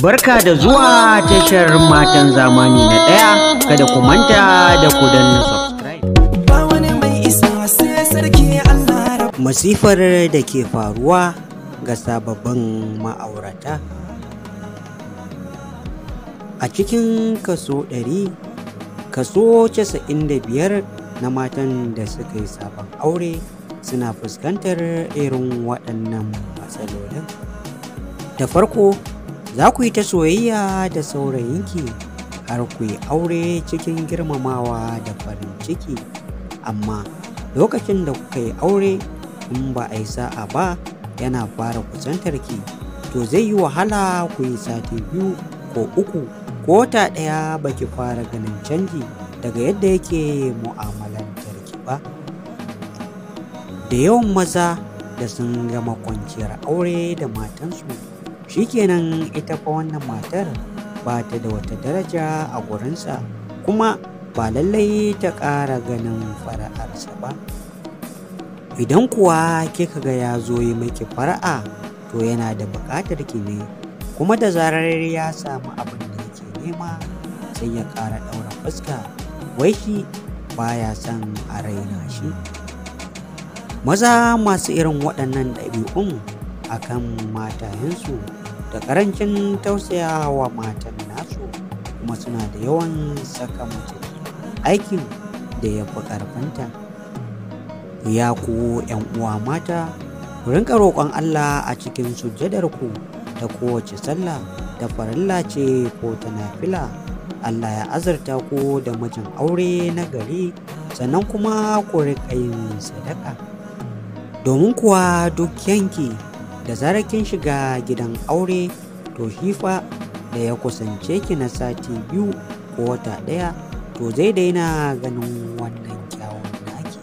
Barka da zuwa tashar matan zamani na ɗaya kada ku manta da ku danna subscribe. Masifar da ke faruwa ga sababbin ma'aurata. A cikin kaso ɗari, kaso casa'in da biyar na matan da suka yi sabon aure suna fuskantar irin waɗannan matsalolin. Da farko za ku yi ta soyayya da saurayinki har ku yi aure cikin girmamawa da farin ciki amma lokacin da kuka yi aure in ba a yi sa'a ba yana fara kusantar ki, to zai yi wahala ku yi sati biyu ko uku ko wata ɗaya ki fara ganin canji daga yadda yake mu'amalantarki ba da yawan maza da sun gama kwanciyar aure da matansu shikenan ita fa wannan matar ba ta da wata daraja a gurinsa kuma ba lallai ta ƙara ganin fara'arsa ba idan kuwa kika ga ya zo yi miki fara'a to yana da buƙatar ki ne kuma da zarar ya samu abin da yake nema sai ya ƙara ɗaura fuska wai shi baya san a raina shi maza masu irin waɗannan ɗabi'un akan matayensu da karancin tausayawa matan nasu kuma suna da yawan saka mace aikin da ya fi ƙarfanta. ya ku yan uwa mata ku rinka roƙon Allah a cikin sujjadarku ku ta kowace sallah da farilla ce ko ta nafila Allah ya azurta ku da mijin aure na gari sannan kuma ku riƙa yin sadaka domin kuwa duk yanki da zarar kin shiga gidan aure to shi da ya kusance ki na sati biyu ko wata ɗaya to zai daina ganin wannan kyawun naki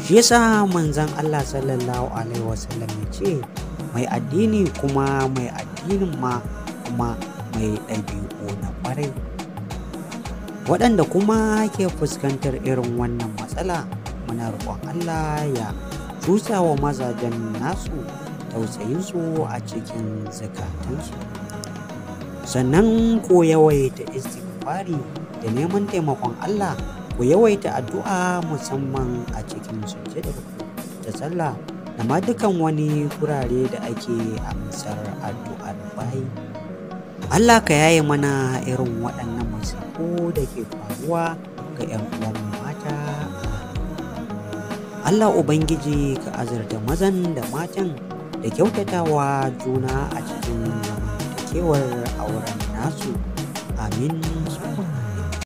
shi yasa manzon Allah sallallahu alaihi wasallam ya ce mai addini kuma mai addinin ma kuma mai ɗabi'u na ƙwarai waɗanda kuma ke fuskantar irin wannan matsala muna roƙon Allah ya cusa wa mazajen nasu tausayinsu a cikin zakatansu sannan ko yawaita istighfari da neman taimakon Allah ko yawaita addu'a musamman a cikin sujjadar da sallah da ma dukan wani kurare da ake amsar addu'ar bayi Allah ka yaye mana irin waɗannan masako da ke faruwa ga 'yan uwan mata Allah Ubangiji ka azarta mazan da matan da kyautatawa juna a cikin kewar auren nasu amin